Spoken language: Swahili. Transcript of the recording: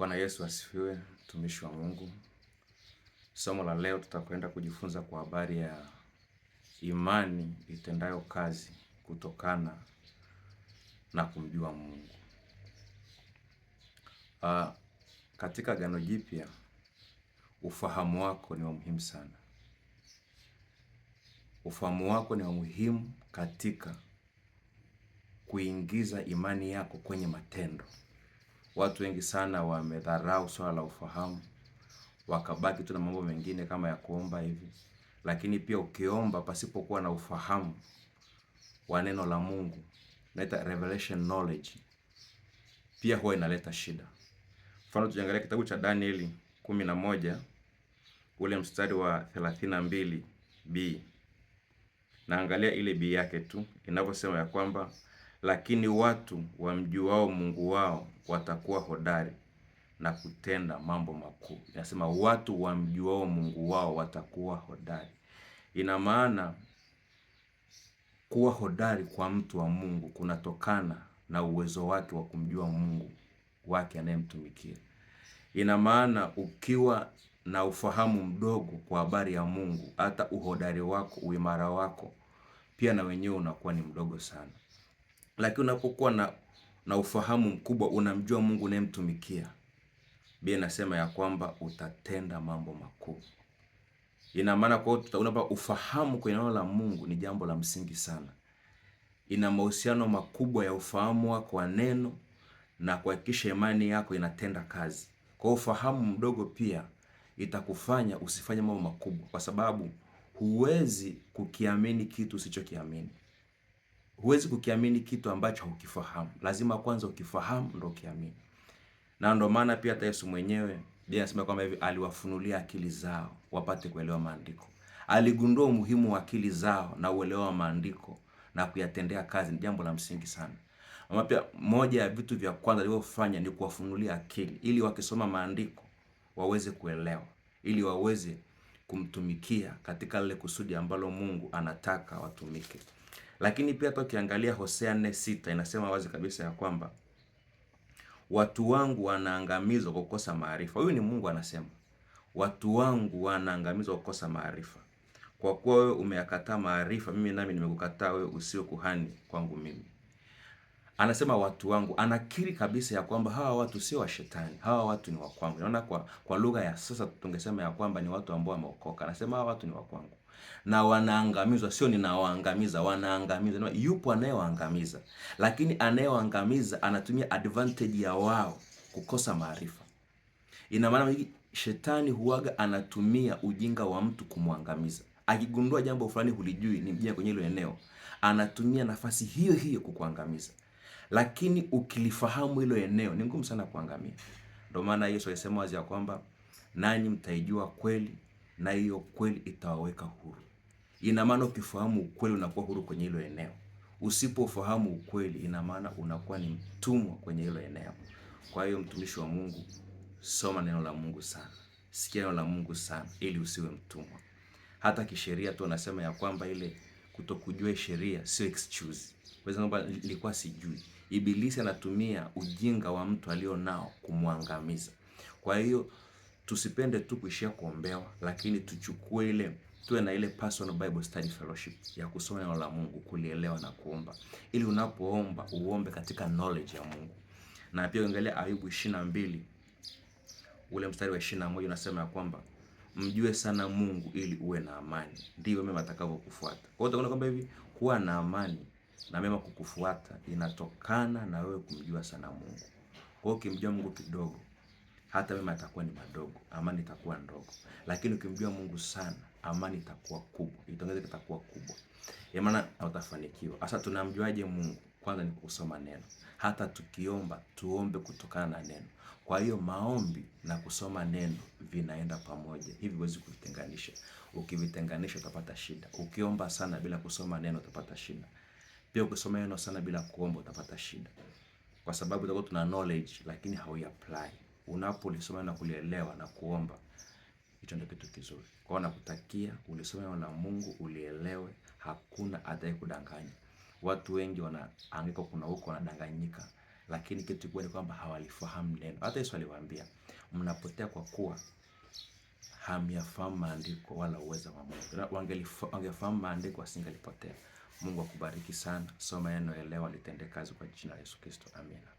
Bwana Yesu asifiwe, mtumishi wa Mungu. Somo la leo tutakwenda kujifunza kwa habari ya imani itendayo kazi kutokana na kumjua Mungu. Ah, katika Agano Jipya ufahamu wako ni wa muhimu sana. Ufahamu wako ni wa muhimu katika kuingiza imani yako kwenye matendo. Watu wengi sana wamedharau swala la ufahamu, wakabaki tu na mambo mengine kama ya kuomba hivi. Lakini pia ukiomba pasipokuwa na ufahamu wa neno la Mungu, naita revelation knowledge, pia huwa inaleta shida. Mfano, tukiangalia kitabu cha Danieli 11 ule mstari wa 32b, naangalia ile b yake tu inavyosema ya kwamba lakini watu wamjuao Mungu wao watakuwa hodari na kutenda mambo makuu. nasema watu wamjuao Mungu wao watakuwa hodari. Ina maana kuwa hodari kwa mtu wa Mungu kunatokana na uwezo wake wa kumjua Mungu wake anayemtumikia. Ina maana ukiwa na ufahamu mdogo kwa habari ya Mungu, hata uhodari wako, uimara wako pia na wenyewe unakuwa ni mdogo sana. Lakini unapokuwa na, na ufahamu mkubwa, unamjua Mungu unayemtumikia, Biblia inasema ya kwamba utatenda mambo makuu. Ina maana kwa hiyo tutaona kwamba ufahamu kwenye neno la Mungu ni jambo la msingi sana, ina mahusiano makubwa ya ufahamu wako wa neno na kuhakikisha imani yako inatenda kazi. Kwa ufahamu mdogo pia itakufanya usifanye mambo makubwa, kwa sababu huwezi kukiamini kitu usichokiamini huwezi kukiamini kitu ambacho hukifahamu. Lazima kwanza ukifahamu ndo ukiamini. na ndo maana pia hata Yesu mwenyewe Biblia inasema kwamba hivi aliwafunulia akili zao wapate kuelewa maandiko. Aligundua umuhimu wa akili zao na uelewa wa maandiko na kuyatendea kazi, ni jambo la msingi sana. Mama pia, moja ya vitu vya kwanza alivyofanya ni kuwafunulia akili, ili wakisoma maandiko waweze kuelewa, ili waweze kumtumikia katika lile kusudi ambalo Mungu anataka watumike. Lakini pia hata ukiangalia Hosea 4:6 inasema wazi kabisa ya kwamba watu wangu wanaangamizwa kwa kukosa maarifa. Huyu ni Mungu anasema, watu wangu wanaangamizwa kwa kukosa maarifa, kwa kuwa wewe umeyakataa maarifa, mimi nami nimekukataa wewe, usio kuhani kwangu mimi anasema watu wangu, anakiri kabisa ya kwamba hawa watu sio wa shetani, hawa watu ni wa kwangu. Naona kwa, kwa lugha ya sasa tungesema ya kwamba ni watu ambao wameokoka. Anasema hawa watu ni wa kwangu na wanaangamizwa, sio ninawaangamiza, wanaangamizwa. Yupo anayewaangamiza, lakini anayewaangamiza anatumia advantage ya wao kukosa maarifa. Ina maana shetani huaga anatumia ujinga wa mtu kumwangamiza. Akigundua jambo fulani hulijui, ni mjia kwenye hilo eneo, anatumia nafasi hiyo hiyo kukuangamiza lakini ukilifahamu hilo eneo ni ngumu sana kuangamia. Ndio maana Yesu alisema wazi ya kwamba nanyi mtaijua kweli na hiyo kweli itawaweka huru. Ina maana ukifahamu ukweli unakuwa huru kwenye hilo eneo. Usipofahamu ukweli, ina maana unakuwa ni mtumwa kwenye hilo eneo. Kwa hiyo, mtumishi wa Mungu, soma neno la Mungu sana, sikia neno la Mungu sana, ili usiwe mtumwa. Hata kisheria tu anasema ya kwamba ile kutokujua sheria sio excuse. Kwa sababu nilikuwa sijui Ibilisi anatumia ujinga wa mtu alio nao kumwangamiza. Kwa hiyo tusipende tu kuishia kuombewa, lakini tuchukue ile tuwe na ile personal Bible study fellowship ya kusoma neno la Mungu, kulielewa na kuomba, ili unapoomba uombe katika knowledge ya Mungu. Na pia uangalia Ayubu 22 ule mstari wa 21 unasema ya kwamba mjue sana Mungu ili uwe na amani, ndivyo mema atakavyokufuata. Kwa hiyo utaona kwamba hivi kuwa na amani na mema kukufuata inatokana na wewe kumjua sana Mungu. Kwa hiyo ukimjua Mungu kidogo, hata mema itakuwa ni madogo, amani itakuwa ndogo. Lakini ukimjua Mungu sana, amani itakuwa kubwa, itaongezeka, itakuwa kubwa, ya maana utafanikiwa. Sasa tunamjuaje Mungu? Kwanza ni kusoma neno. Hata tukiomba tuombe kutokana na neno. Kwa hiyo maombi na kusoma neno vinaenda pamoja, hivi huwezi kuvitenganisha. Ukivitenganisha utapata shida. Ukiomba sana bila kusoma neno utapata shida. Pia ukisoma neno sana bila kuomba utapata shida, kwa sababu utakuwa tuna knowledge lakini hauya apply. Unapolisoma na kulielewa na kuomba, hicho ndio kitu kizuri. Kwa hiyo nakutakia ulisome neno la Mungu, ulielewe, hakuna atakaye kudanganya. Watu wengi wanaanguka, kuna huko wanadanganyika, lakini kitu kikubwa ni kwamba hawalifahamu neno. Hata Yesu aliwaambia mnapotea kwa kuwa hamyafahamu maandiko wala uweza wa Mungu. Wangefahamu maandiko asingalipotea. Mungu akubariki sana. Soma neno, elewa, litende kazi kwa jina la Yesu Kristo. Amina.